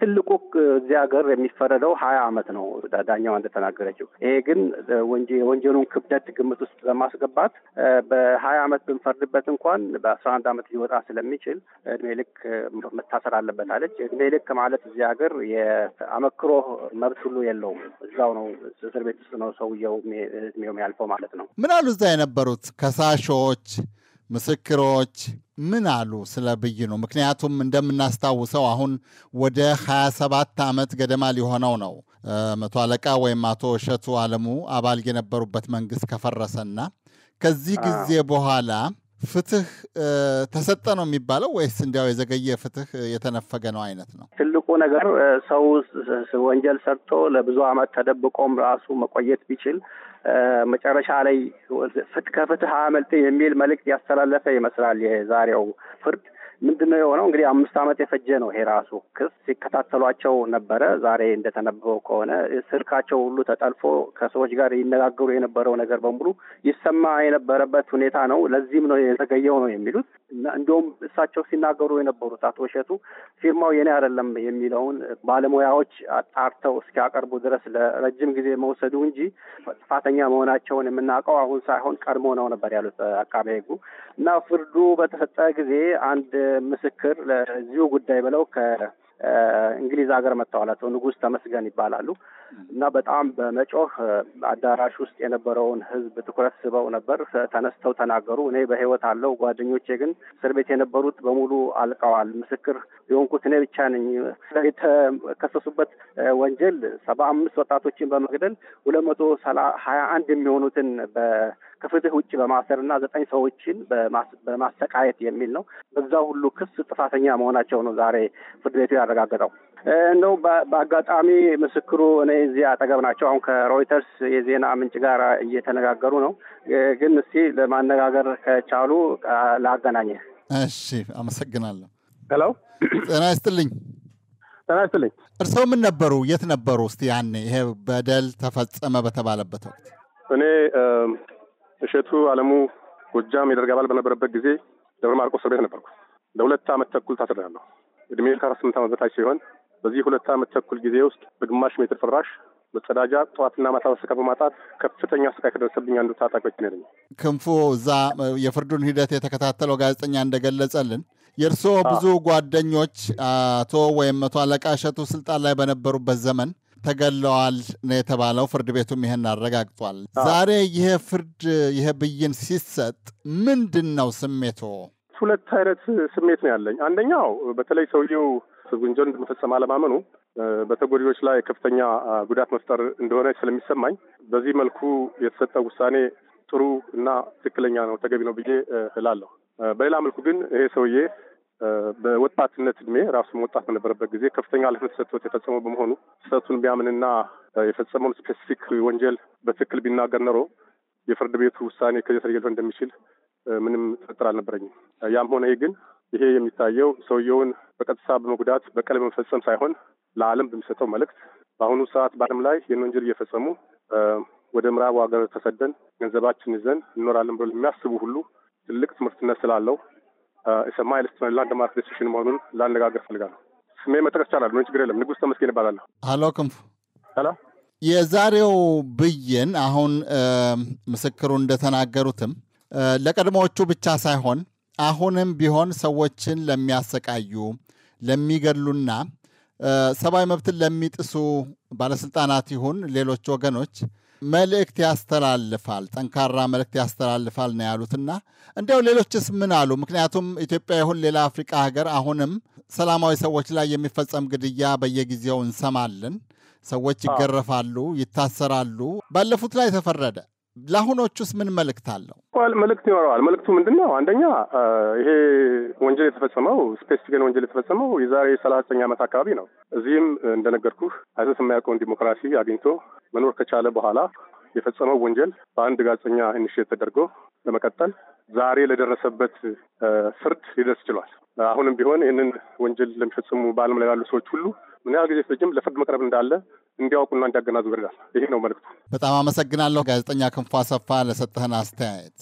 ትልቁ እዚህ ሀገር የሚፈረደው ሀያ አመት ነው ዳኛዋ እንደተናገረችው። ይሄ ግን የወንጀሉን ክብደት ግምት ውስጥ ለማስገባት በሀያ አመት ብንፈርድበት እንኳን በአስራ አንድ አመት ሊወጣ ስለሚችል እድሜ ልክ መታሰር አለበት አለች። እድሜ ልክ ማለት እዚህ ሀገር የአመክሮ መብት ሁሉ የለውም። እዛው ነው እስር ቤት ውስጥ ነው ሰውየው እድሜው ያልፈው ማለት ነው። ምን አሉ እዛ የነበሩት ከሳሾች ምስክሮች ምን አሉ ስለ ብይኑ? ምክንያቱም እንደምናስታውሰው አሁን ወደ 27 ዓመት ገደማ ሊሆነው ነው መቶ አለቃ ወይም አቶ እሸቱ አለሙ አባል የነበሩበት መንግስት ከፈረሰና ከዚህ ጊዜ በኋላ ፍትህ ተሰጠ ነው የሚባለው ወይስ እንዲያው የዘገየ ፍትህ የተነፈገ ነው አይነት ነው? ትልቁ ነገር ሰው ወንጀል ሰርቶ ለብዙ ዓመት ተደብቆም ራሱ መቆየት ቢችል መጨረሻ ላይ ከፍትህ አያመልጥም የሚል መልእክት ያስተላለፈ ይመስላል የዛሬው ፍርድ። ምንድን ነው የሆነው? እንግዲህ አምስት ዓመት የፈጀ ነው ይሄ ራሱ ክስ። ሲከታተሏቸው ነበረ። ዛሬ እንደተነበበው ከሆነ ስልካቸው ሁሉ ተጠልፎ ከሰዎች ጋር ይነጋገሩ የነበረው ነገር በሙሉ ይሰማ የነበረበት ሁኔታ ነው። ለዚህም ነው የዘገየው ነው የሚሉት። እንዲሁም እሳቸው ሲናገሩ የነበሩት አቶ እሸቱ ፊርማው የኔ አይደለም የሚለውን ባለሙያዎች አጣርተው እስኪያቀርቡ ድረስ ለረጅም ጊዜ መውሰዱ እንጂ ጥፋተኛ መሆናቸውን የምናውቀው አሁን ሳይሆን ቀድሞ ነው ነበር ያሉት አቃቤ ሕጉ እና ፍርዱ በተሰጠ ጊዜ አንድ ምስክር ለዚሁ ጉዳይ ብለው ከእንግሊዝ ሀገር መጥተዋል። አቶ ንጉሥ ተመስገን ይባላሉ እና በጣም በመጮህ አዳራሽ ውስጥ የነበረውን ህዝብ ትኩረት ስበው ነበር። ተነስተው ተናገሩ። እኔ በህይወት አለው፣ ጓደኞቼ ግን እስር ቤት የነበሩት በሙሉ አልቀዋል። ምስክር የሆንኩት እኔ ብቻ ነኝ። የተከሰሱበት ወንጀል ሰባ አምስት ወጣቶችን በመግደል ሁለት መቶ ሀያ አንድ የሚሆኑትን ከፍትህ ውጭ በማሰርና ዘጠኝ ሰዎችን በማሰቃየት የሚል ነው። በዛ ሁሉ ክስ ጥፋተኛ መሆናቸው ነው ዛሬ ፍርድ ቤቱ ያረጋገጠው። እንደው በአጋጣሚ ምስክሩ እኔ እዚህ አጠገብ ናቸው። አሁን ከሮይተርስ የዜና ምንጭ ጋር እየተነጋገሩ ነው። ግን እስቲ ለማነጋገር ከቻሉ ላገናኘ። እሺ፣ አመሰግናለሁ። ሄሎ፣ ጤና ይስጥልኝ። ጤና ይስጥልኝ። እርስዎ ምን ነበሩ? የት ነበሩ? እስቲ ያኔ ይሄ በደል ተፈጸመ በተባለበት ወቅት እኔ እሸቱ አለሙ ጎጃም የደርግ አባል በነበረበት ጊዜ ደብረ ማርቆስ እስር ቤት ነበርኩ። ለሁለት ዓመት ተኩል ታስሬያለሁ። እድሜ ከአስራ ስምንት ዓመት በታች ሲሆን በዚህ ሁለት ዓመት ተኩል ጊዜ ውስጥ በግማሽ ሜትር ፍራሽ መጸዳጃ ጠዋትና ማታ በማጣት ከፍተኛ ስቃይ ከደረሰብኝ አንዱ ታጣቂዎች ነኝ። ክንፉ እዛ የፍርዱን ሂደት የተከታተለው ጋዜጠኛ እንደገለጸልን የእርስዎ ብዙ ጓደኞች አቶ ወይም መቶ አለቃ እሸቱ ስልጣን ላይ በነበሩበት ዘመን ተገለዋል ነው የተባለው። ፍርድ ቤቱም ይህን አረጋግጧል። ዛሬ ይሄ ፍርድ ይሄ ብይን ሲሰጥ ምንድን ነው ስሜቶ? ሁለት አይነት ስሜት ነው ያለኝ። አንደኛው በተለይ ሰውየው ወንጀል እንደመፈጸም አለማመኑ በተጎጂዎች ላይ ከፍተኛ ጉዳት መፍጠር እንደሆነ ስለሚሰማኝ በዚህ መልኩ የተሰጠ ውሳኔ ጥሩ እና ትክክለኛ ነው፣ ተገቢ ነው ብዬ እላለሁ። በሌላ መልኩ ግን ይሄ ሰውዬ በወጣትነት እድሜ ራሱ ወጣት በነበረበት ጊዜ ከፍተኛ ኃላፊነት ሰጥቶት የፈጸመው በመሆኑ ስህተቱን ቢያምንና የፈጸመውን ስፔሲፊክ ወንጀል በትክክል ቢናገር ኖሮ የፍርድ ቤቱ ውሳኔ ከዚህ ተለይቶ እንደሚችል ምንም ጥርጥር አልነበረኝም። ያም ሆነ ይህ ግን ይሄ የሚታየው ሰውየውን በቀጥታ በመጉዳት በቀል በመፈጸም ሳይሆን ለዓለም በሚሰጠው መልእክት በአሁኑ ሰዓት በዓለም ላይ ይህን ወንጀል እየፈጸሙ ወደ ምዕራቡ ሀገር ተሰደን ገንዘባችን ይዘን እንኖራለን ብሎ የሚያስቡ ሁሉ ትልቅ ትምህርትነት ስላለው ኢሰማ ኢንቨስትመንት እና ልማት መሆኑን ላነጋገር ፈልጋለሁ። ስሜ መጠቀስ ይቻላል? ምን ችግር የለም። ንጉስ ተመስገን እባላለሁ። ሀሎ ክንፉ። ሀሎ የዛሬው ብይን አሁን ምስክሩ እንደተናገሩትም ለቀድሞዎቹ ብቻ ሳይሆን አሁንም ቢሆን ሰዎችን ለሚያሰቃዩ ለሚገድሉና ሰብአዊ መብትን ለሚጥሱ ባለስልጣናት ይሁን ሌሎች ወገኖች መልእክት ያስተላልፋል፣ ጠንካራ መልእክት ያስተላልፋል ነው ያሉትና እንዲያው ሌሎችስ ምን አሉ? ምክንያቱም ኢትዮጵያ ይሁን ሌላ አፍሪቃ ሀገር አሁንም ሰላማዊ ሰዎች ላይ የሚፈጸም ግድያ በየጊዜው እንሰማለን። ሰዎች ይገረፋሉ፣ ይታሰራሉ። ባለፉት ላይ ተፈረደ፣ ለአሁኖቹስ ምን መልእክት አለው? መልእክት ይኖረዋል። መልእክቱ ምንድን ነው? አንደኛ ይሄ ወንጀል የተፈጸመው ስፔሲፊክን ወንጀል የተፈጸመው የዛሬ ሰላሳ ዘጠኝ ዓመት አካባቢ ነው። እዚህም እንደነገርኩህ አይሰስ የማያውቀውን ዲሞክራሲ አግኝቶ መኖር ከቻለ በኋላ የፈጸመው ወንጀል በአንድ ጋዜጠኛ ኢኒሽት ተደርጎ ለመቀጠል ዛሬ ለደረሰበት ፍርድ ሊደርስ ችሏል። አሁንም ቢሆን ይህንን ወንጀል ለሚፈጽሙ በዓለም ላይ ያሉ ሰዎች ሁሉ ምን ያህል ጊዜ ፍጅም ለፍርድ መቅረብ እንዳለ እንዲያውቁና እንዲያገናዙ ይረዳል። ይሄ ነው መልእክቱ። በጣም አመሰግናለሁ ጋዜጠኛ ክንፎ አሰፋ ለሰጠህን አስተያየት።